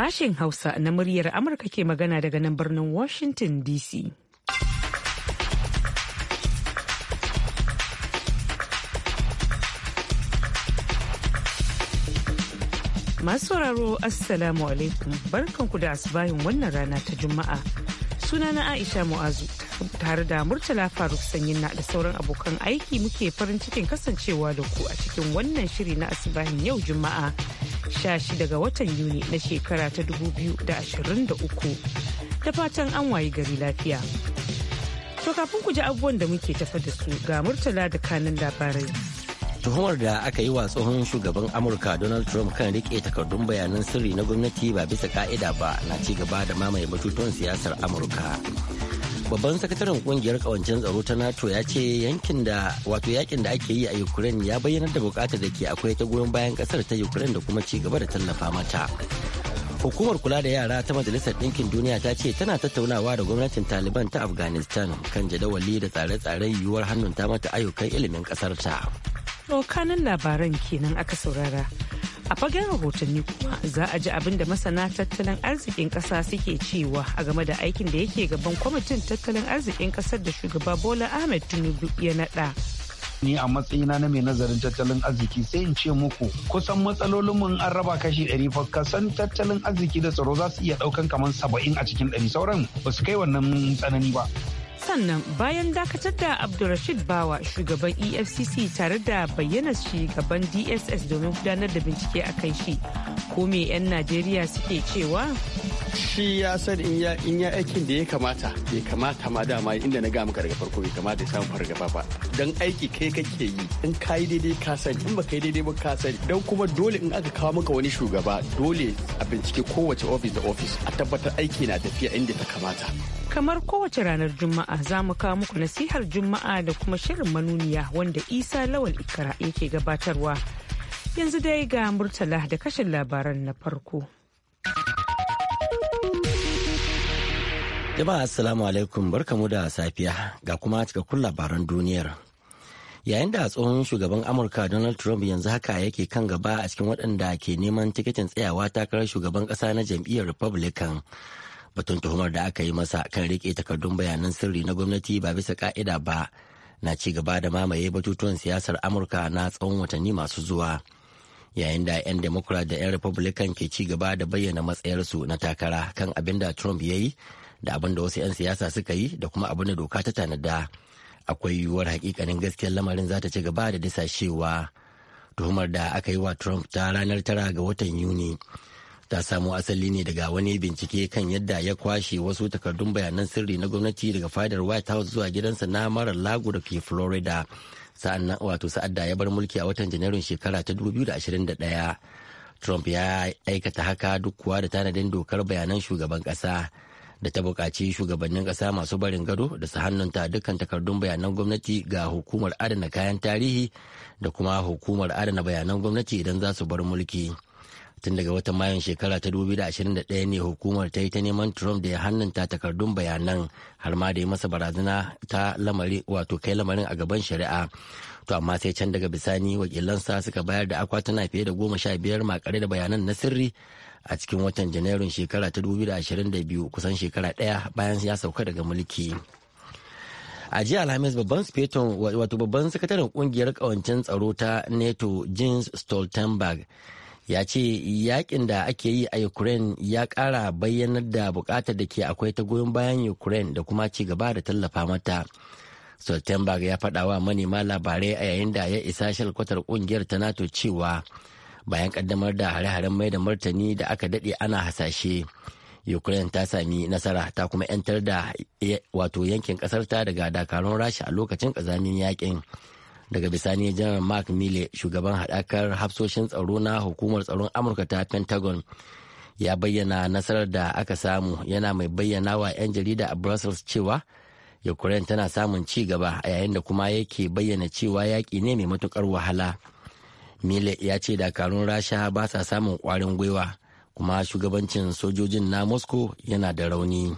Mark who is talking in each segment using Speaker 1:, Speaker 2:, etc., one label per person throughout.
Speaker 1: Sashen Hausa na muryar Amurka ke magana daga nan birnin Washington DC. Masu sauraro Assalamu alaikum barkanku da asubahin wannan rana ta Juma'a. Sunana Aisha Mu'azu tare da Murtala Faruk Sanyin na da sauran abokan aiki muke farin cikin kasancewa da ku a cikin wannan shiri na asibahin yau Juma'a 16 ga watan Yuni na shekara ta 2023. Da fatan an wayi gari lafiya. To kafin ku ji abubuwan da muke tafa da su ga Murtala da kanin labarai.
Speaker 2: tuhumar da aka yi wa tsohon shugaban amurka donald trump kan rike takardun bayanan sirri na gwamnati ba bisa ka'ida ba na ci gaba da mamaye batutuwan siyasar amurka babban sakataren kungiyar kawancen tsaro ta nato ya ce yankin da wato yakin da ake yi a ukraine ya bayyanar da bukatar da ke akwai ta goyon bayan kasar ta ukraine da kuma ci gaba da tallafa mata hukumar kula da yara ta majalisar ɗinkin duniya ta ce tana tattaunawa da gwamnatin taliban ta afghanistan kan jadawali da tsare-tsaren yiwuwar hannun ta mata ayyukan ilimin ƙasar ta.
Speaker 1: labaran kenan aka saurara a fagen rahotanni kuma za a ji abin da masana tattalin arzikin kasa suke cewa a game da aikin da yake gaban kwamitin tattalin arzikin kasar da shugaba bola ahmed tinubu ya nada
Speaker 3: ni a matsayina na mai nazarin tattalin arziki sai in ce muku kusan matsalolin mun an raba kashi ɗari fa kasan tattalin arziki da tsaro za su iya ɗaukan kamar saba'in a cikin ɗari sauran ba su kai wannan tsanani ba
Speaker 1: sannan bayan dakatar da abdulrashid bawa shugaban efcc tare da bayyana gaban dss domin gudanar da bincike a kan shi ko me 'yan najeriya suke cewa
Speaker 4: shi ya san in ya aikin da ya kamata ya kamata ma dama inda na ga maka daga farko ya kamata ya samu fargaba ba don aiki kai kake yi in ka yi daidai ka sani in ba ka yi daidai ba ka sani don kuma dole in aka kawo maka wani shugaba dole a bincike kowace ofis da ofis a tabbatar aiki na tafiya inda ta kamata
Speaker 1: kamar kowace ranar juma'a za mu kawo muku nasihar juma'a da kuma shirin manuniya wanda isa lawal ikara yake gabatarwa yanzu dai ga murtala da kashin labaran na farko
Speaker 2: jama'a assalamu alaikum barkamu da safiya ga kuma cikakkun labaran duniyar yayin da tsohon shugaban amurka donald trump yanzu haka yake kan gaba a cikin waɗanda ke neman tiketin tsayawa takarar shugaban ƙasa na jam'iyyar republican batun tuhumar da aka yi masa kan rike takardun bayanan sirri na gwamnati ba bisa ka'ida ba na ci gaba da mamaye batutuwan siyasar amurka na tsawon watanni masu zuwa yayin da 'yan democrat da 'yan republican ke ci gaba da bayyana matsayarsu na takara kan abin da trump ya yi da abin da wasu 'yan siyasa suka yi da kuma abin da doka ta tanada akwai yiwuwar hakikanin gaskiyar lamarin za ta ci gaba da disashewa tuhumar da aka yi wa trump ta ranar tara ga watan yuni ta samo asali ne daga wani bincike kan yadda ya kwashe wasu takardun bayanan sirri na gwamnati daga fadar white house zuwa gidansa na mara lagos da ke florida sa'an wato sa'adda ya bar mulki a watan janairun shekara ta 2021 trump ya aikata haka duk kuwa da tanadin dokar bayanan shugaban kasa da ta buƙaci shugabannin ƙasa masu barin gado da su hannunta dukkan takardun bayanan gwamnati ga hukumar adana kayan tarihi da kuma hukumar adana bayanan gwamnati idan za su bar mulki. tun daga watan mayan shekara ta 2021 ne hukumar ta yi ta neman trump da ya hannunta takardun bayanan har ma da yi masa barazana ta lamari wato kai lamarin a gaban shari'a to amma sai can daga bisani wakilansa suka bayar da akwatuna fiye da goma sha biyar makare da bayanan na sirri a cikin watan janairun shekara ta 2022 kusan shekara daya bayan ya sauka daga mulki. a jiya alhamis babban speton wato babban sakataren kungiyar kawancen tsaro ta nato jens stoltenberg ya ce yakin da ake yi a ukraine ya kara bayyanar da bukatar da ke akwai ta goyon bayan ukraine da kuma ci gaba da tallafa mata stoltenberg ya faɗa wa manema labarai a yayin da ya isa shalkwatar kungiyar ta nato cewa bayan kaddamar da hare-haren mai da martani da aka daɗe ana hasashe ukraine ta sami nasara ta kuma 'yantar da wato yankin ƙasarta daga dakarun rasha a lokacin ƙazamin yakin. yaƙin daga bisani janar mark mille shugaban haɗakar hafsoshin tsaro na hukumar tsaron amurka ta pentagon ya bayyana nasarar da aka samu yana mai bayyana wa 'yan jarida a brussels cewa ukraine tana samun ci gaba a yayin da kuma yake bayyana cewa yaƙi ne mai matuƙar wahala mille ya ce dakarun rasha ba sa samun kwarin gwiwa kuma shugabancin sojojin na moscow yana da rauni.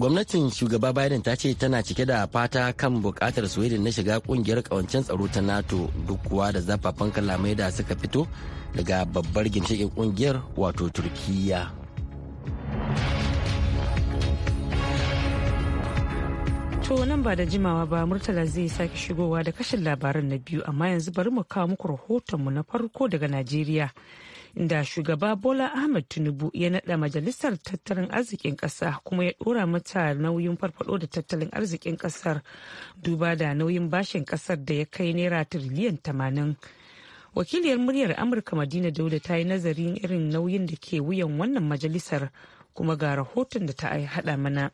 Speaker 2: gwamnatin shugaba biden ta ce tana cike da fata kan bukatar sweden na shiga kungiyar kawancen tsaro ta nato duk kuwa da zafafan kalamai da suka fito daga babbar ginshikin kungiyar wato turkiyya.
Speaker 1: to nan ba da jimawa ba murtala zai sake shigowa da kashin labaran na biyu amma yanzu bari mu kawo muku rahotonmu na farko daga najeriya da shugaba Bola Ahmed Tinubu ya naɗa majalisar tattalin arzikin ƙasa kuma ya ɗora mata nauyin farfado da tattalin arzikin ƙasar duba da nauyin bashin ƙasar da ya kai naira tiriliyan tamanin. Wakiliyar muryar Amurka Madina Dauda ta yi nazarin irin nauyin da ke wuyan wannan majalisar kuma ga rahoton da ta haɗa mana.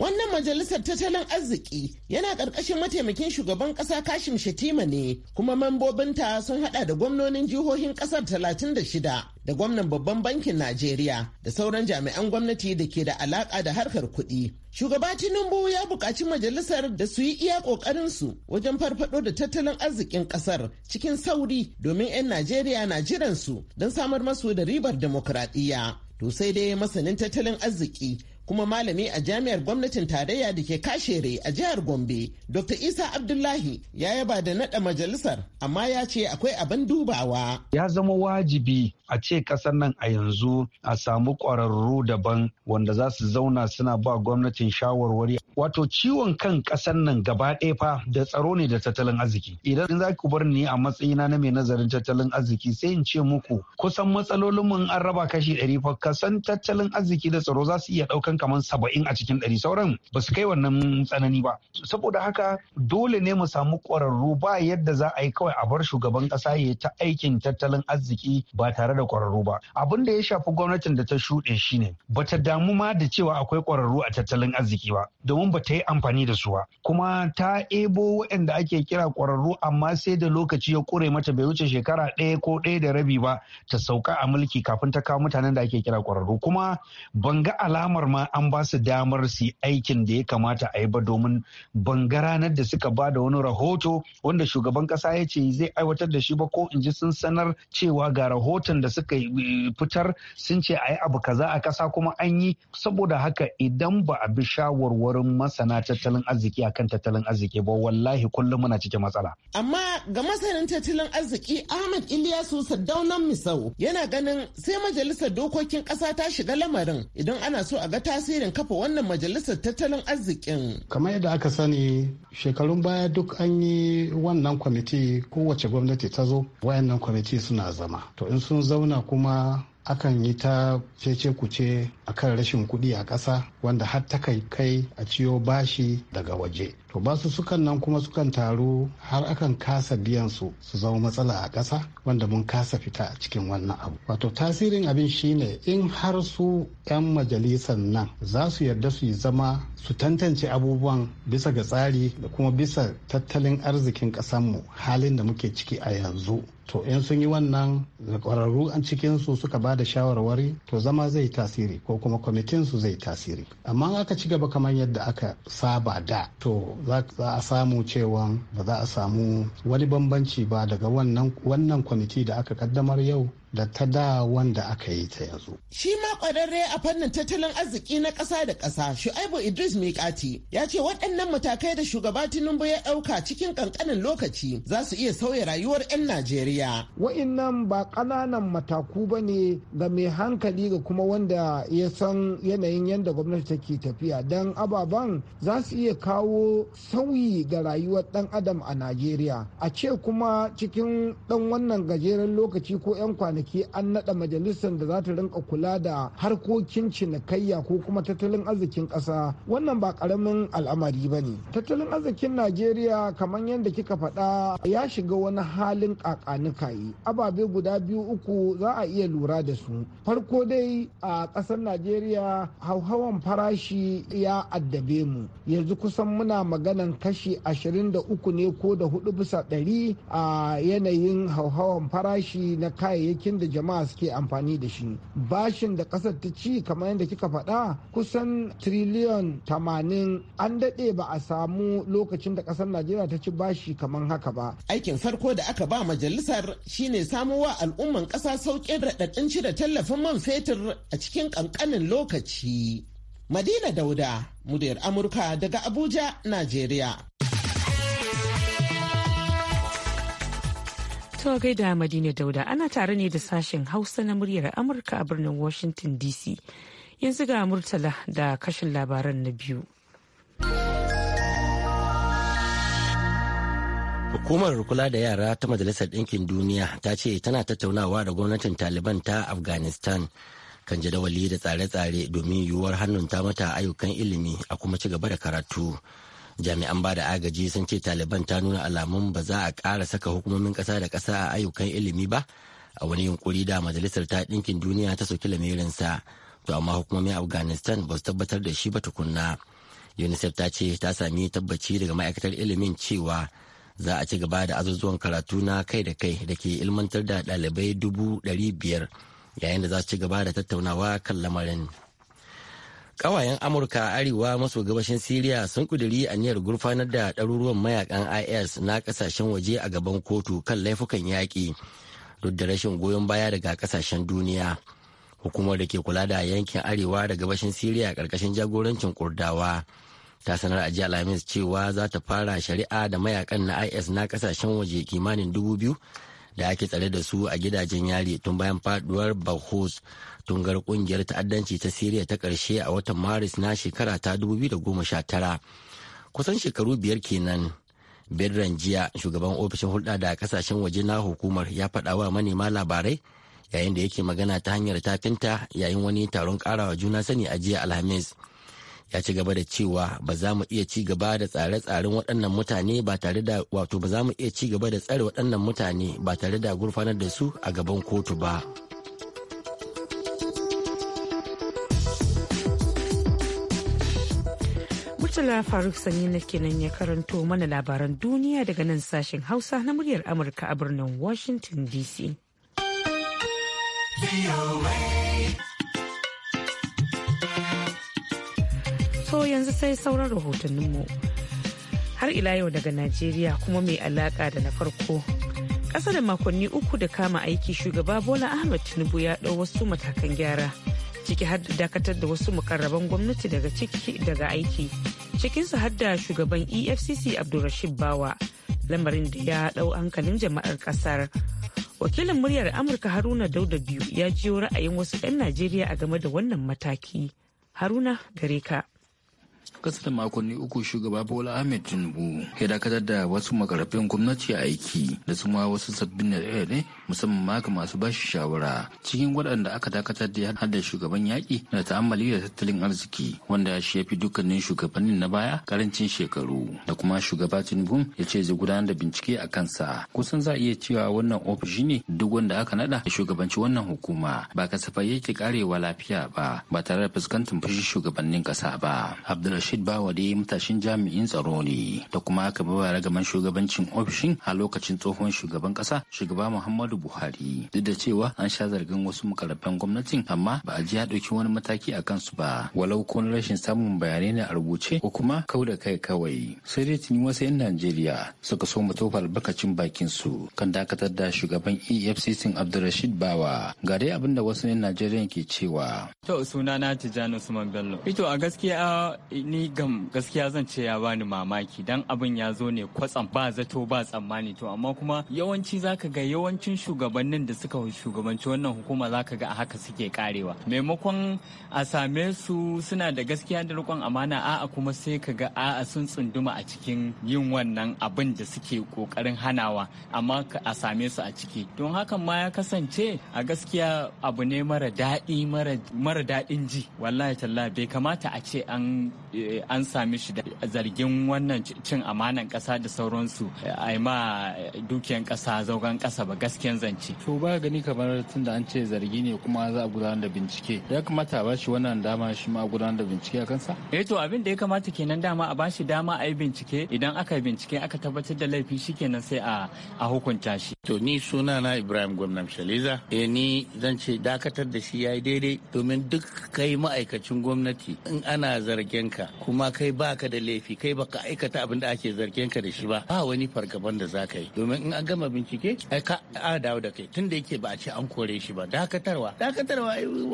Speaker 1: Wannan
Speaker 5: majalisar tattalin arziki yana ƙarƙashin mataimakin shugaban ƙasa Kashim Shatima ne, kuma mambobinta sun haɗa da gwamnonin jihohin ƙasar 36 da gwamnan babban bankin Najeriya da sauran jami'an gwamnati da ke da alaƙa da harkar kuɗi. Shugaba Tinubu ya buƙaci majalisar da su yi iya ƙoƙarinsu wajen farfaɗo da tattalin arzikin ƙasar cikin sauri domin 'yan Najeriya na jiransu don samar masu da ribar demokuraɗiyya. To sai dai masanin tattalin arziki kuma malami a jami'ar gwamnatin tarayya da ke kashere a jihar Gombe, Dr. Isa Abdullahi ya yaba da nada majalisar amma ya ce akwai abin dubawa.
Speaker 3: Ya zama wajibi a ce kasar nan a yanzu a samu kwararru daban wanda za su zauna suna ba gwamnatin shawarwari. Wato ciwon kan kasar nan gaba ɗaya fa da tsaro ne da tattalin arziki. Idan za ku bar ni a matsayina na mai nazarin tattalin arziki sai in ce muku kusan matsalolin mun an raba kashi ɗari fa kasan tattalin arziki da tsaro za su iya ɗaukan kamar saba'in a cikin ɗari sauran ba su kai wannan tsanani ba saboda haka dole ne mu samu ƙwararru ba yadda za a yi kawai a bar shugaban ƙasa ya ta aikin tattalin arziki ba tare da ƙwararru ba abin da ya shafi gwamnatin da ta shuɗe shine ba ta damu ma da cewa akwai ƙwararru a tattalin arziki ba domin ba ta yi amfani da su ba kuma ta ebo waɗanda ake kira ƙwararru amma sai da lokaci ya ƙure mata bai wuce shekara ɗaya ko ɗaya da rabi ba ta sauka a mulki kafin ta kawo mutanen da ake kira ƙwararru kuma ban ga alamar ma an ba su damar su yi aikin da ya kamata a yi ba domin ban ga ranar da suka ba da wani rahoto wanda shugaban kasa ya ce zai aiwatar da shi ba ko in ji sun sanar cewa ga rahoton da suka eh, fitar sun ce a yi abu kaza a kasa kuma an yi saboda haka idan ba a bi shawarwarin masana tattalin arziki akan tattalin arziki ba wallahi kullum muna cikin matsala.
Speaker 5: Amma ga masanin tattalin arziki Ahmad iliyasu sadaunan Misau yana ganin sai majalisar dokokin kasa ta shiga lamarin idan ana so a ga ta tasirin kafa wannan majalisar tattalin arzikin.
Speaker 6: Kamar yadda aka sani shekarun baya duk an yi wannan kwamiti kowace gwamnati ta zo wayannan kwamiti suna zama. To in sun zauna kuma akan yi ta cece kuce akan rashin kuɗi a ƙasa wanda har ta kai kai a ciyo bashi daga waje to ba su sukan nan kuma sukan taru har akan kasa biyan su su zama matsala a ƙasa wanda mun kasa fita a cikin wannan abu wato tasirin abin shine in har su 'yan majalisan nan za su yarda su yi zama su tantance abubuwan bisa ga tsari da kuma bisa tattalin arzikin ƙasanmu halin da muke ciki a yanzu to in sun yi wannan da ƙwararru an cikinsu suka ba da shawarwari to zama zai tasiri ko kuma kwamitin su zai tasiri amma aka ci gaba kamar yadda aka saba da to za a samu cewa ba za a samu wani bambanci ba daga wannan kwamiti da aka kaddamar yau da ta da wanda aka yi ta yanzu.
Speaker 5: Shi ma ƙwararre a fannin tattalin arziki na ƙasa da ƙasa Shu'aibu Idris Mikati ya ce waɗannan matakai da shugaba Tinubu ya ɗauka cikin ƙanƙanin lokaci za su iya sauya rayuwar 'yan Najeriya.
Speaker 7: Wa'innan ba ƙananan mataku ba ne ga mai hankali ga kuma wanda ya san yanayin yadda gwamnati take tafiya don ababen za su iya kawo sauyi ga rayuwar ɗan adam a Najeriya. A ce kuma cikin ɗan wannan gajeren lokaci ko 'yan kwanaki kwanaki an naɗa majalisar da za ta rinka kula da harkokin cinikayya ko kuma tattalin arzikin ƙasa wannan ba ƙaramin al'amari ba ne tattalin arzikin najeriya kamar yadda kika faɗa ya shiga wani halin ƙaƙanikayi ababe guda biyu uku za a iya lura da su farko dai a ƙasar najeriya hauhawan farashi ya addabe mu yanzu kusan muna maganan kashi ashirin da uku ne ko da hudu bisa ɗari a yanayin hauhawan farashi na kayayyakin kayayyakin da jama'a suke amfani da shi bashin da kasar ta ci kamar yadda kika faɗa kusan triliyon tamanin an daɗe ba a samu lokacin da kasar najeriya ta ci bashi kamar haka ba aikin farko
Speaker 5: da aka ba majalisar shine wa al'umman ƙasa sauƙin raɗaɗin cire tallafin man fetur a cikin ƙanƙanin lokaci madina dauda muryar amurka
Speaker 1: daga abuja najeriya To gaida Madina Dauda ana tare ne da sashen Hausa na muryar Amurka a birnin Washington DC. Yanzu ga Murtala da kashin labaran na biyu.
Speaker 2: Hukumar kula da yara ta Majalisar Ɗinkin Duniya ta ce tana tattaunawa da gwamnatin Taliban ta Afghanistan kan jadawali da tsare-tsare domin yiwuwar ta mata ayyukan ilimi a kuma ci gaba da karatu. jami'an bada agaji sun ce taliban ta nuna alamun ba za a kara saka hukumomin ƙasa da ƙasa a ayyukan ilimi ba a wani yunkuri da majalisar ta ɗinkin duniya ta soki lamirinsa to amma hukumomin afghanistan ba su tabbatar da shi ba tukunna unicef ta ce ta sami tabbaci daga ma'aikatar ilimin cewa za a ci gaba da azuzuwan karatu na kai da kai da ke ilmantar da ɗalibai dubu ɗari biyar yayin da za su ci gaba da tattaunawa kan lamarin. Ƙawayen Amurka a arewa maso gabashin Siriya sun ƙudiri aniyar gurfanar da ɗaruruwan mayakan IS na ƙasashen waje a gaban kotu kan laifukan yaƙi duk da rashin goyon baya daga ƙasashen duniya. Hukumar da ke kula da yankin arewa da gabashin Siriya ƙarƙashin jagorancin Kurdawa ta sanar a jiya Alhamis cewa za ta fara shari'a da mayakan na IS na ƙasashen waje kimanin dubu biyu da ake tsare da su a gidajen yari tun bayan faduwar bahus tungar kungiyar ta'addanci ta siriya ta ƙarshe a watan maris na shekara ta 2019 kusan shekaru biyar kenan birran jiya shugaban ofishin hulɗa da kasashen waje na hukumar ya faɗa wa manema labarai yayin da yake magana ta hanyar tafinta yayin wani taron ƙarawa juna sani a jiya alhamis ya ci gaba da cewa ba za mu iya ci gaba da tsare-tsaren waɗannan mutane ba tare da wato ba za mu iya ci gaba da tsare waɗannan mutane ba tare da gurfanar da su a gaban kotu ba.
Speaker 1: Murtala Faruk Sanyi na kenan ya karanto mana labaran duniya daga nan sashen Hausa na muryar Amurka a birnin Washington DC. To yanzu sai sauran rahotanninmu. Har ila yau daga Najeriya kuma mai alaka da na farko. Ƙasa da makonni uku da kama aiki shugaba Bola Ahmed Tinubu ya ɗau wasu matakan gyara. Ciki har dakatar da wasu mukarraban gwamnati daga ciki daga aiki. Cikinsu har da shugaban EFCC Abdulrashid Bawa. Lamarin da ya ɗau hankalin jama'ar ƙasar. Wakilin muryar Amurka Haruna Dauda biyu ya jiyo ra'ayin wasu 'yan Najeriya a game da wannan mataki. Haruna gare ka. kasa da makonni
Speaker 8: uku shugaba bola ahmed tinubu ya dakatar da wasu makarafin gwamnati aiki da su ma wasu sabbin da ne musamman ma ga masu bashi shawara cikin waɗanda aka dakatar da har da shugaban yaƙi da ta'ammali da tattalin arziki wanda ya shafi dukkanin shugabannin na baya karancin shekaru da kuma shugaba tinubu ya ce zai gudanar da bincike a kansa kusan za a iya cewa wannan ofishi ne duk wanda aka nada da shugabanci wannan hukuma ba kasafai yake karewa lafiya ba ba tare da fuskantar fushin shugabannin ƙasa ba abdul Rashid Bawade matashin jami'in tsaro ne da kuma aka bawa ragaman shugabancin ofishin a lokacin tsohon shugaban kasa shugaba Muhammadu Buhari duk da cewa an sha zargin wasu mukarrafan gwamnatin amma ba a ji ya ɗauki wani mataki a kansu ba walau ko rashin samun bayanai na a rubuce ko kuma kau da kai kawai sai dai tuni wasu 'yan Najeriya suka so mu tofa albarkacin bakin su kan dakatar da shugaban EFCC Abdulrashid Bawa ga dai abin da wasu 'yan Najeriya ke cewa.
Speaker 9: To sunana Tijjani Usman Bello. ito a gaskiya ni gam gaskiya zan ce ya bani mamaki dan abin ya zo ne kwatsam ba zato ba tsammani to amma kuma yawanci zaka ga yawancin shugabannin da suka shugabanci wannan hukuma zaka ga a haka suke karewa maimakon a same su suna da gaskiya da rikon amana a'a kuma sai ka ga a'a sun tsunduma a cikin yin wannan abin da suke kokarin hanawa amma a same su a ciki don hakan ma ya kasance a gaskiya abu ne mara daɗi mara daɗin ji wallahi talla bai kamata a ce an Eh, an sami shi da zargin wannan cin amanan ƙasa da sauransu eh, a yi ma eh, dukiyan ƙasa zaugan ƙasa ba gaskiyan zance. to
Speaker 8: ba gani kamar tun da an ce zargi ne kuma za a gudanar da bincike ya kamata a bashi wannan dama shi ma gudanar da bincike a kansa.
Speaker 9: eh to abin da ya kamata kenan dama a bashi dama a yi bincike idan aka yi bincike aka tabbatar da laifi shikenan sai a hukunta shi. to ni suna na ibrahim gwamnan shaliza eh ni zan ce dakatar da shi ya yi daidai
Speaker 10: domin duk kai ma'aikacin gwamnati in ana zargin ka kuma kai baka da laifi kai baka aikata abin da ake zargin ka da shi ba ba wani fargaban da za ka yi domin in an gama bincike ai ka a dawo da kai tunda yake ba a ce an kore shi ba dakatarwa
Speaker 2: dakatarwa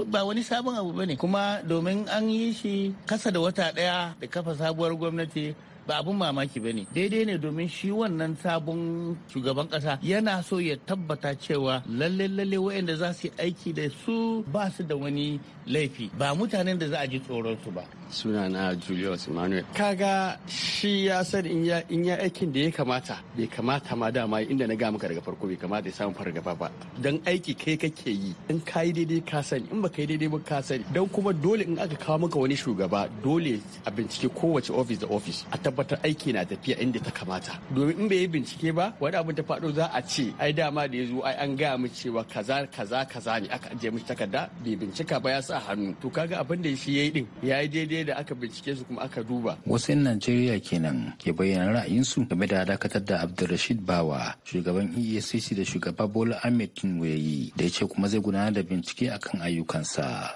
Speaker 2: ba
Speaker 10: wani sabon abu bane kuma domin an yi shi kasa da wata daya da kafa sabuwar gwamnati ba abun mamaki ba ne daidai ne domin shi wannan sabon shugaban kasa yana so ya tabbata cewa lalle lalle waɗanda za su yi aiki da su ba su da wani laifi ba mutanen da za a ji tsoron su ba
Speaker 4: sunana julius emmanuel kaga shi ya san in ya aikin da ya kamata bai kamata ma dama inda na ga muka daga farko bai kamata ya samu fargaba ba don aiki kai kake yi in ka yi daidai ka sani in ba ka yi daidai ba ka sani don kuma dole in aka kawo maka wani shugaba dole a bincike kowace ofis da ofis a tabbatar aiki na tafiya inda ta kamata domin in bai yi bincike ba wani abin ta faɗo za a ce ai dama da ya zo ai an gaya mu cewa kaza kaza kaza ne aka ajiye mu takarda bai bincika ba ya sa hannu to kaga abin da shi yayi din yayi daidai da aka bincike su kuma aka duba
Speaker 8: wasu 'yan Najeriya kenan ke bayyana su. game da dakatar da Abdulrashid Bawa shugaban EACC da shugaba Bola Ahmed Tinubu yayi da ya ce kuma zai gudanar da bincike akan ayyukansa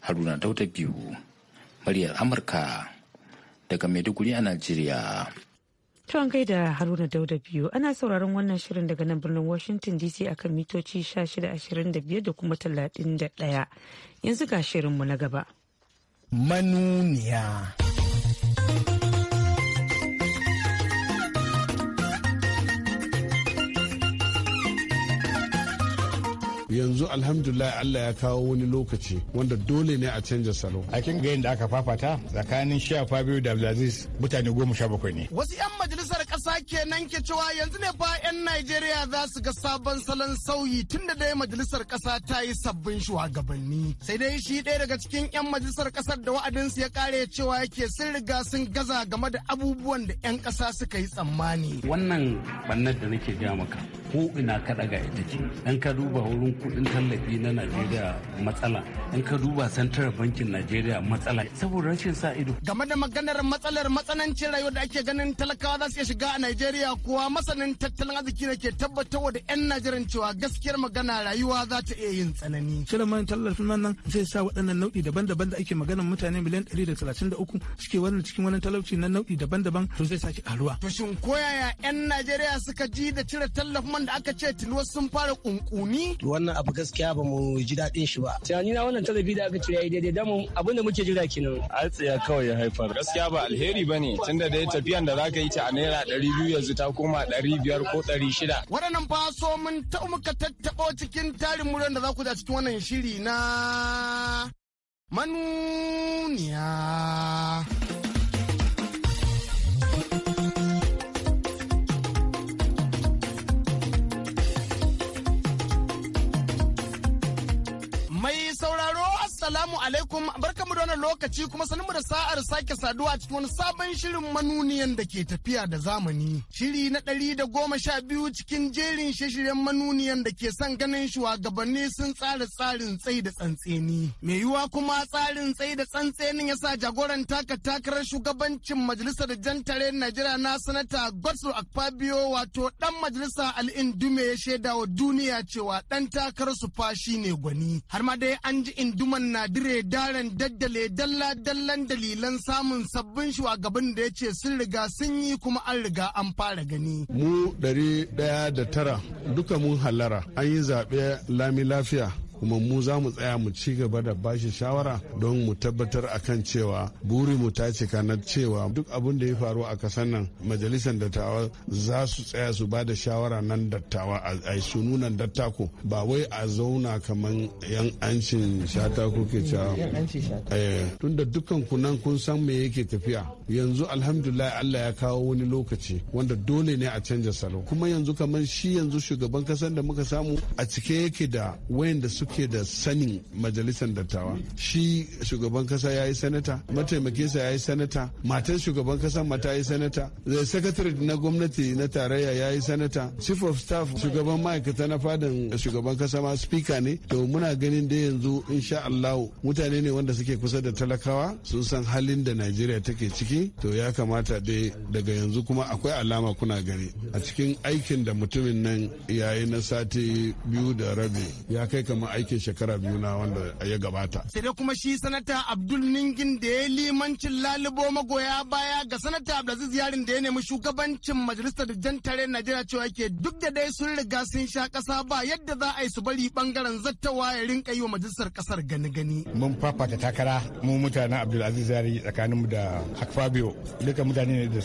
Speaker 8: Haruna Dauda biyu muryar Amurka daga Maiduguri a Najeriya.
Speaker 1: kai da Haruna Dauda biyu ana sauraron wannan shirin daga nan birnin Washington DC kan mitoci 1625 da kuma 31 yanzu ga shirinmu na gaba. Manuniya.
Speaker 11: yanzu alhamdulillah Allah ya kawo wani lokaci wanda dole ne a canja salo a kin ga yadda aka fafata tsakanin sha biyu da Abdulaziz
Speaker 10: mutane goma sha bakwai ne
Speaker 12: wasu 'yan majalisar ƙasa kenan ke cewa yanzu ne fa 'yan Najeriya za su ga sabon salon sauyi tun da dai majalisar ƙasa ta yi sabbin shugabanni. Sai dai shi ɗaya daga cikin 'yan majalisar ƙasar da wa'adinsu ya ƙare cewa yake sun riga sun gaza game da abubuwan da 'yan ƙasa suka yi tsammani.
Speaker 13: Wannan bannar da nake gaya maka ko ina ka ɗaga ita ce. In ka duba wurin kuɗin tallafi na Najeriya matsala. In ka duba santar bankin Najeriya matsala. Saboda rashin sa ido. Game da maganar matsalar matsanancin
Speaker 12: rayuwar da ake ganin talakawa za su iya shiga shiga a Najeriya kuwa masanin tattalin arziki ne ke tabbatar da 'yan Najeriya cewa gaskiyar magana rayuwa za ta iya yin tsanani. Shirin man tallafin man nan zai sa
Speaker 14: waɗannan nau'i daban-daban da ake maganar mutane miliyan 133 suke wannan cikin wani talauci na nau'i daban-daban to zai sake karuwa. To
Speaker 12: shin koyaya 'yan Najeriya suka ji da cire tallafin man da aka ce tilo sun fara kunkuni?
Speaker 9: Wannan abu gaskiya ba mu ji daɗin shi ba. Tunani na wannan talabi da aka cire daidai mu abin da muke jira kenan. Altsiya kawai ya haifar. Gaskiya ba alheri
Speaker 15: ba ne
Speaker 10: tunda da tafiyan da za ka yi ta a naira ɗari biyu yanzu ta koma ɗari biyar ko ɗari shida.
Speaker 9: Waɗannan fa
Speaker 12: so mun ta muka tattaɓo cikin tarin muryar da za ku da cikin wannan shiri na manuniya. Mai sauraro Assalamu alaikum mana lokaci kuma sanin mu da sa'ar sake saduwa a cikin wani sabon shirin manuniyan da ke tafiya da zamani. Shiri na ɗari da goma sha biyu cikin jerin shirin manuniyan da ke son ganin shugabanni sun tsara tsarin tsayi da tsantseni. Me yiwuwa kuma tsarin tsayi da tsantsenin ya sa jagoran taka takarar shugabancin majalisar jantare tare Najeriya na sanata Godson Akpabio wato ɗan majalisa Al'in Dume ya shaida wa duniya cewa ɗan takarar su fashi ne gwani. Har ma dai an ji induman dire daren daddale dunkule dalla-dallan dalilan samun sabbin shugaban da ya ce sun riga sun yi kuma an riga an fara gani.
Speaker 11: Mu ɗari ɗaya da tara duka mun halara an yi zaɓe lami lafiya kuma mu za mu tsaya mu ci gaba da bashi shawara don mu tabbatar a kan cewa buri mu ta cika na cewa duk abin da ya faru a kasar nan majalisar dattawa za su tsaya su ba da shawara nan dattawa a su nunan dattako ba wai a zauna kamar yan ancin shata kuke cewa eh, tunda dukkan kunan kun san me yake tafiya yanzu alhamdulillah Allah ya kawo wani lokaci wanda dole ne a canja salo kuma yanzu kamar shi yanzu shugaban kasar da muka samu a cike yake da wayanda suka suke da sanin majalisar dattawa shi shugaban kasa ya yi sanata mataimakinsa ya yi sanata matan shugaban kasa mata yi sanata zai sakatare na gwamnati na tarayya ya yi sanata chief of staff shugaban ma'aikata na fadin shugaban kasa ma speaker ne to muna ganin da yanzu insha Allah mutane ne wanda suke kusa da talakawa sun san halin da Najeriya take ciki to ya kamata dai daga yanzu kuma akwai alama kuna gani a cikin aikin da mutumin nan yayi na sati biyu da rabi ya kai kamar aikin shekara biyu na wanda ya gabata.
Speaker 12: Sai dai kuma shi sanata Abdul Ningin da ya limancin lalubo magoya baya ga sanata Abdulaziz Yarin da ya nemi shugabancin majalisar jan tare Najeriya cewa ke duk da dai sun riga sun sha kasa ba yadda za a yi su bari bangaren zattawa ya rinka yi wa majalisar kasar gani gani.
Speaker 10: Mun fafata takara mu mutanen Abdulaziz Yari tsakaninmu da Akfabio duka mutane ne da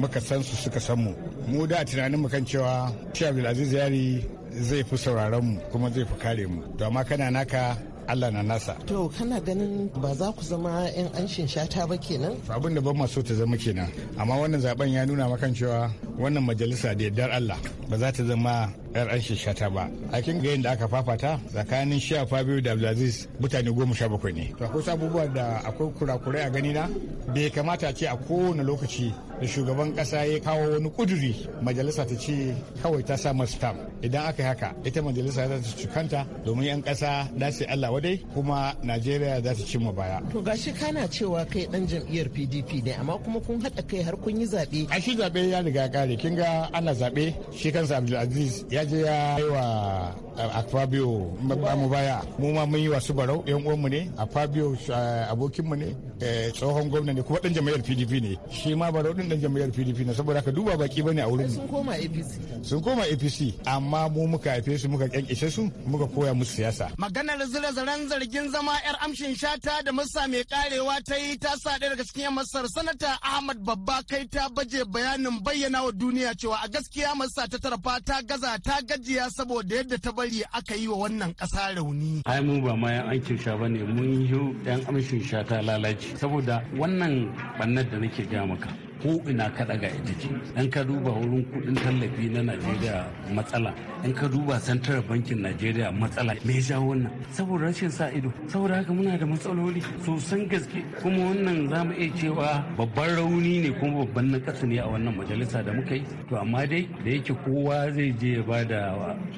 Speaker 10: muka san su suka san mu. Mu da tunanin mu kan cewa Shi Abdulaziz Yari zai fi sauraron mu kuma zai fi kare mu to amma kana naka Allah na nasa. To kana ganin ba za ku zama 'yan anshin shata ba kenan? Abin da ban maso ta zama kenan. Amma wannan zaben ya nuna makan cewa wannan majalisa da yardar Allah ba za ta zama yar an shata ba a kin ga yadda aka fafata tsakanin sha fabio da abdulaziz mutane goma sha bakwai ne to akwai abubuwa da akwai kurakurai a gani na bai kamata ce a kowane lokaci da shugaban kasa ya kawo wani kuduri majalisa ta ce kawai ta sa masu tam idan aka yi haka ita majalisa za ta cikanta domin yan kasa da su allah wadai kuma najeriya za ta cimma baya
Speaker 5: to gashi kana cewa kai dan jam'iyyar pdp ne amma kuma kun haɗa kai har kun
Speaker 10: yi zaɓe a shi zaɓe ya riga ya kare kin ga ana zaɓe shi kansa abdulaziz ya je ya yi wa eh, a fabio mu baya mu ma mun yi su barau yan mu ne a fabio eh, abokinmu ne eh, tsohon gwamna ne kuma dan jam'iyyar pdp ne shi ma barau din dan jam'iyyar pdp ne saboda ka duba baki bane a wurin sun
Speaker 12: koma apc
Speaker 10: sun koma apc amma mu muka haife su muka kyankishe su muka koya musu siyasa
Speaker 12: maganar zira zaren zargin zama yar amshin shata da masa mai karewa ta yi ta sa daga cikin masar sanata ahmad babba kai ta baje bayanin bayyana wa duniya cewa a gaskiya masa ta tarfa ta gaza ta gajiya saboda yadda ta bari aka yi wa wannan ƙasa rauni.
Speaker 13: Ai mu ba ma yan ankin sha ne mun yi yan amshin sha ta lalace saboda wannan bannar da nake ga maka ko ina ka daga ita ce in ka duba wurin kudin tallafi na najeriya matsala in ka duba santar bankin najeriya matsala me ya jawo wannan saboda rashin sa ido saboda haka muna da matsaloli sosan gaske kuma wannan za mu iya cewa babban rauni ne kuma babban nakasa ne a wannan majalisa da muka yi to amma dai da yake kowa zai je ya bada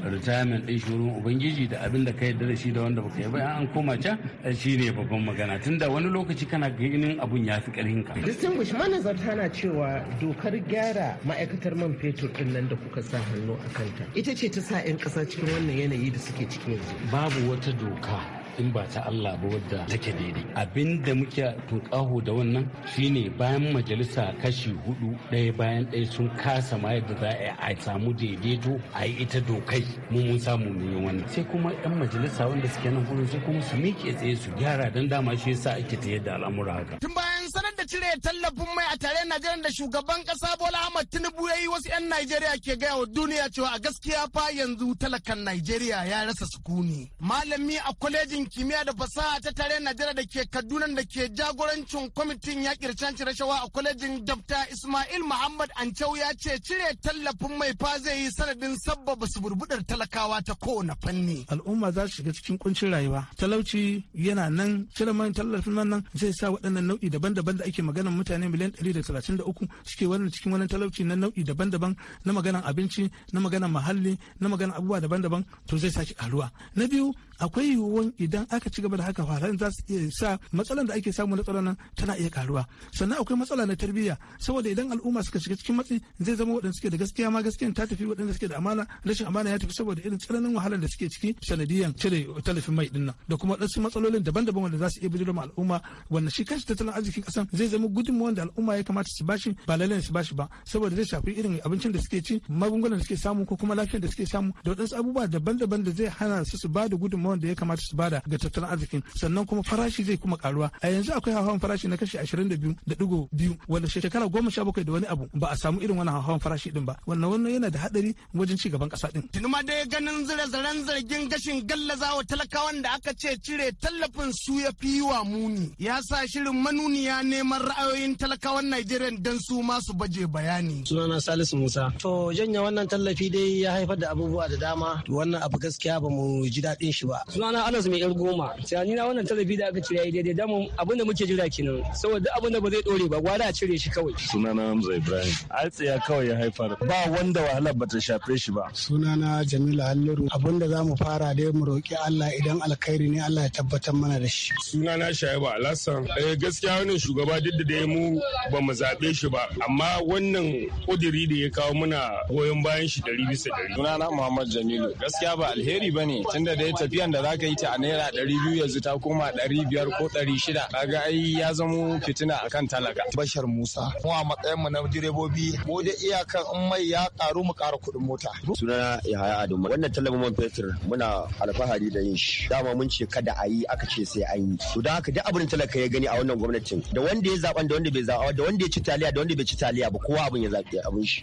Speaker 13: retirement din shi wurin ubangiji da abin da ka yarda da shi da wanda baka yi ba an koma can shine babban magana tunda wani lokaci kana ganin abun ya fi karhin
Speaker 5: ka cewa dokar gyara ma'aikatar man fetur din nan da kuka sa hannu a kanta
Speaker 13: ita ce ta sa 'yan ƙasa cikin wannan yanayi da suke ciki yanzu babu wata doka in ba ta Allah ba wadda take daidai abin da muke tunƙaho da wannan shine bayan majalisa kashi hudu ɗaya bayan ɗaya sun kasa ma yadda za a samu daidaito a yi ita dokai mu mun samu mun yi sai kuma yan majalisa wanda suke nan gurin sai kuma su miƙe tsaye su gyara dan dama shi yasa ake ta yadda al'amura haka
Speaker 12: tun bayan sanar da cire tallafin mai a tare Najeriya da shugaban kasa Bola Ahmad Tinubu yayi wasu yan Najeriya ke gaya wa duniya cewa a gaskiya fa yanzu talakan Najeriya ya rasa sukuni malami a kwalejin kwalejin kimiyya da fasaha ta tare Najeriya da ke Kaduna da ke jagorancin kwamitin yaƙi da rashawa a kwalejin dabta Ismail Muhammad Ancau ya ce cire tallafin mai fa zai yi sanadin sabbaba burbudar talakawa ta kowane fanni. Al'umma za su shiga cikin kuncin rayuwa. Talauci yana nan
Speaker 14: cire man tallafin nan nan zai sa waɗannan nau'i daban-daban da ake maganar mutane miliyan ɗari da talatin da uku suke wannan cikin wani talauci na nau'i daban-daban na maganar abinci na maganar muhalli na maganar abubuwa daban-daban to zai sake ƙaruwa. Na biyu akwai yiwuwan idan aka ci gaba da haka faran za su iya sa matsalan da ake samu na tsaron nan tana iya karuwa sannan akwai matsala na tarbiyya saboda idan al'umma suka shiga cikin matsi zai zama waɗanda suke da gaskiya ma gaskiyan ta tafi waɗanda suke da amana rashin amana ya tafi saboda irin tsananin wahalar da suke ciki sanadiyan cire talafin mai dinnan da kuma ɗansu matsalolin daban-daban wanda za su iya bijiro ma al'umma wanda shi kanshi tattalin arzikin ƙasan zai zama gudunmawar da al'umma ya kamata su bashi ba lallai su bashi ba saboda zai shafi irin abincin da suke ci magungunan da suke samu ko kuma lafiyar da suke samu da waɗansu abubuwa daban-daban da zai hana su su ba da gudunmawar da ya kamata su bada ga tattalin arzikin sannan kuma farashi zai kuma karuwa a yanzu akwai hawan farashi na kashi ashirin da biyu da digo biyu wanda shekara goma sha bakwai da wani abu ba a samu irin wannan hawan farashi din ba wannan wannan yana da hadari wajen ci gaban kasa din
Speaker 12: tunuma dai ganin zira zaren zargin gashin wa talakawan da aka ce cire tallafin su ya fi wa muni ya sa shirin manuniya neman ra'ayoyin talakawan Najeriya dan su masu baje bayani sunana Salisu Musa to janya wannan tallafi dai ya haifar da abubuwa da dama
Speaker 6: wannan
Speaker 9: abu gaskiya ba mu ji daɗin shi ba Sunana Anas mai yar goma. Tunani na wannan talabi da aka cire daidai damu abinda muke jira kenan. Saboda abin ba zai dore ba gwada a cire shi kawai. Sunana Hamza Ibrahim.
Speaker 11: tsaya kawai ya haifar. Ba wanda wahalar bata shafe shi ba. Sunana Jamila
Speaker 6: Halliru. abinda za mu fara dai mu roki Allah idan alkhairi ne Allah ya tabbatar mana da shi.
Speaker 10: Sunana Shaibu Alhassan. Eh gaskiya wannan shugaba duk da dai mu ba mu zabe shi ba amma wannan kudiri da ya kawo muna goyon bayan shi 100 bisa 100. Sunana Muhammad Jamilu. Gaskiya ba alheri bane tunda da ya tafiya da za ka yi ta a naira ɗari biyu yanzu ta koma ɗari biyar ko ɗari shida kaga ai ya zamo fitina a kan talaka. Bashar Musa mu a mu na direbobi mu da iyakan in mai ya karu mu kara kuɗin mota.
Speaker 4: Sunana Yahaya Adamu wannan talabin man fetur muna alfahari da yin shi dama mun ce kada a yi aka ce sai an yi to da haka duk abin talaka ya gani a wannan gwamnatin da wanda ya zaɓa da wanda bai zaɓa da wanda ya ci taliya da wanda bai ci taliya ba kowa abin ya zaɓi abin shi.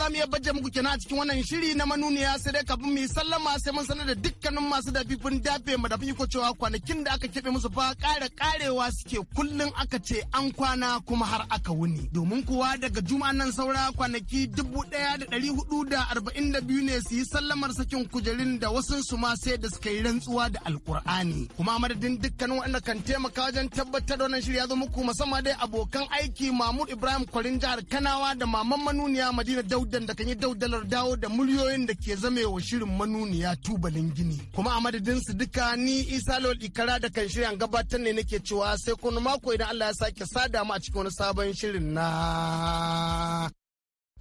Speaker 12: za mu iya baje muku kenan a cikin wannan shiri na manuniya sai dai kafin mu sallama sai mun sanar da dukkanin masu dafifin dafe mu da ko cewa kwanakin da aka keɓe musu fa ƙara ƙarewa suke kullum aka ce an kwana kuma har aka wuni domin kuwa daga juma nan saura kwanaki dubu ɗaya da ɗari hudu da arba'in da biyu ne su yi sallamar sakin kujerin da wasu su ma sai da suka yi rantsuwa da alkur'ani kuma madadin dukkanin waɗanda kan taimaka wajen tabbatar da wannan shiri ya zo muku musamman dai abokan aiki Mamu ibrahim kwarin jihar kanawa da maman manuniya madina daudi muddin da kan yi daudalar dawo da miliyoyin da ke zame wa shirin manuniya tubalin gini kuma a madadin su duka ni isa lawal ikara da kan shirya gabatar ne nake cewa sai kuma mako idan allah ya sake sada mu a cikin wani sabon shirin na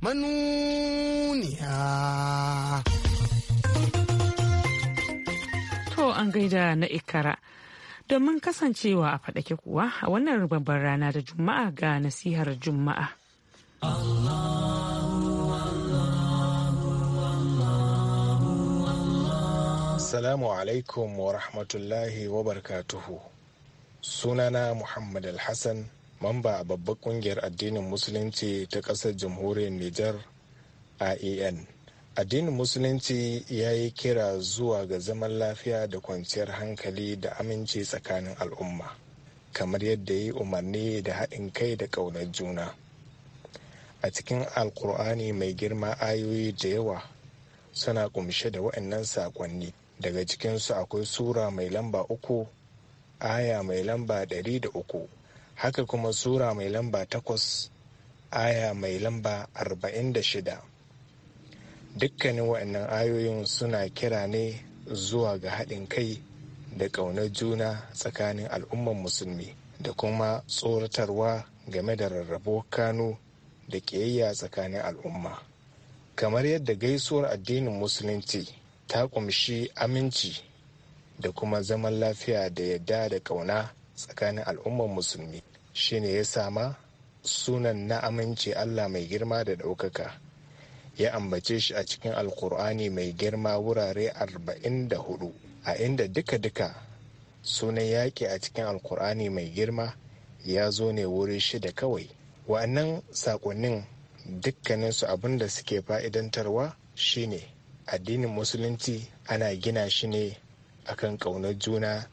Speaker 1: manuniya to an gaida na ikara domin kasancewa a faɗake kuwa a wannan babban rana da juma'a ga nasihar juma'a.
Speaker 15: Allah. Assalamu alaikum wa rahmatullahi wa barkatuhu. Sunana Muhammad Alhassan, mamba a babbar kungiyar addinin Musulunci ta ƙasar jamhuriyar Nijar AEN. Addinin Musulunci ya yi kira zuwa ga zaman lafiya da kwanciyar hankali da aminci tsakanin al'umma, kamar yadda ya yi umarni da haɗin kai da ƙaunar juna. A cikin Alƙur'ani mai girma ayoyi da yawa suna kumshe da waɗannan saƙonni. daga cikinsu akwai sura mai lamba uku aya mai lamba ɗari da uku haka kuma sura mai lamba takwas aya mai lamba arba'in da shida dukkanin waɗannan ayoyin suna kira ne zuwa ga haɗin kai da ƙaunar juna tsakanin al'ummar musulmi da kuma tsoratarwa game da rarrabo kano da ƙiyayya tsakanin al'umma kamar yadda gaisuwar addinin musulunci ta kumshi aminci da kuma zaman lafiya da yadda da ƙauna tsakanin al'ummar musulmi shine ya sama sunan na aminci allah mai girma da ɗaukaka ya ambace shi a cikin alkur'ani mai girma wurare 44 a inda duka-duka sunan yaƙi a cikin alkur'ani mai girma ya zo ne wuri shida kawai wa'annan saƙonnin dukkaninsu abinda suke fa'idantarwa shine addinin musulunci ana gina shi ne akan ƙaunar juna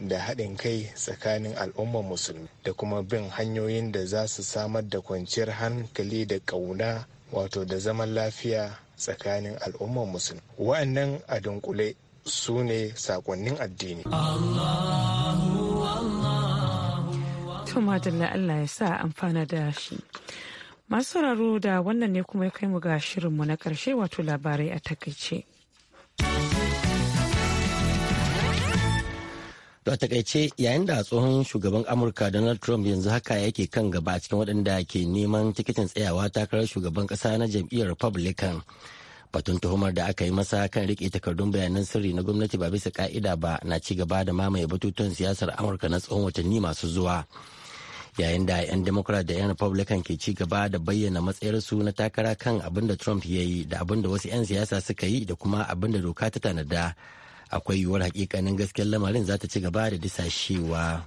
Speaker 15: da haɗin kai tsakanin al'ummar musulmi da kuma bin hanyoyin da za su samar da kwanciyar hankali da ƙauna wato da zaman lafiya tsakanin al'ummar musulmi wa'annan a dunkule su ne saƙonnin
Speaker 6: addini
Speaker 1: to madalla allah ya sa amfana da shi Masu sauraro da wannan ne kuma ya kai mu ga shirinmu na karshe wato labarai a takaice.
Speaker 2: da takaice yayin da tsohon shugaban Amurka Donald Trump yanzu haka yake kan gaba a cikin waɗanda ke neman tikitin tsayawa takarar shugaban ƙasa na jam'iyyar Republican. Batun tuhumar da aka yi masa kan rike takardun bayanan sirri na gwamnati ba bisa ka'ida ba na ci gaba da mamaye batutuwan siyasar Amurka na tsawon watanni masu zuwa. yayin da 'yan democrat da 'yan republican ke ci gaba da bayyana matsayarsu na takara kan abin da trump ya yi da abin da wasu 'yan siyasa suka yi da kuma abin da doka ta tanada akwai yiwuwar hakikanin gaskiyar lamarin za ta ci gaba da disashewa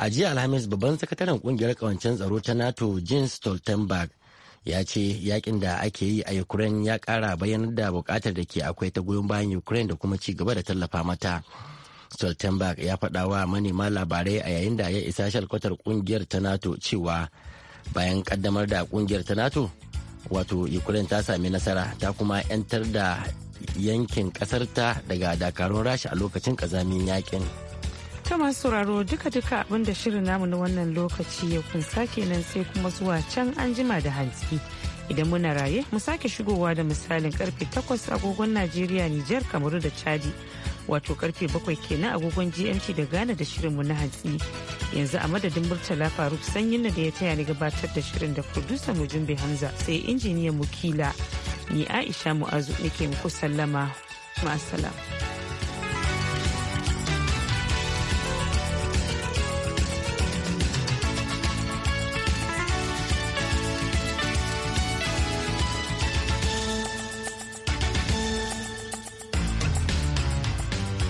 Speaker 2: a jiya alhamis babban sakataren kungiyar kawancen tsaro ta nato jens stoltenberg ya ce yakin da ake yi a ukraine ya kara bayanar da bukatar da ke akwai ta goyon bayan ukraine da kuma ci gaba da tallafa mata stoltenberg ya faɗa wa manema labarai a yayin da ya isa shalkwatar kungiyar ta nato cewa bayan kaddamar da kungiyar ta nato wato ukraine ta sami nasara ta kuma 'yantar da yankin kasarta daga dakarun rashi a lokacin kazamin yakin
Speaker 1: ta masu sauraro duka-duka abinda shirin namu na wannan lokaci ya kunsa kenan sai kuma zuwa can an jima da hantsi idan muna raye mu sake shigowa da misalin karfe 8 agogon najeriya nijar kamaru da chadi wato karfe bakwai kenan agogon gmt da ghana da shirin mu na hatsi yanzu a madadin murtala faruk sanyin da ya taya ni gabatar da shirin da producer mu jumbe hamza sai injiniyan mukila kila ni aisha mu'azu nake muku sallama ma'asala.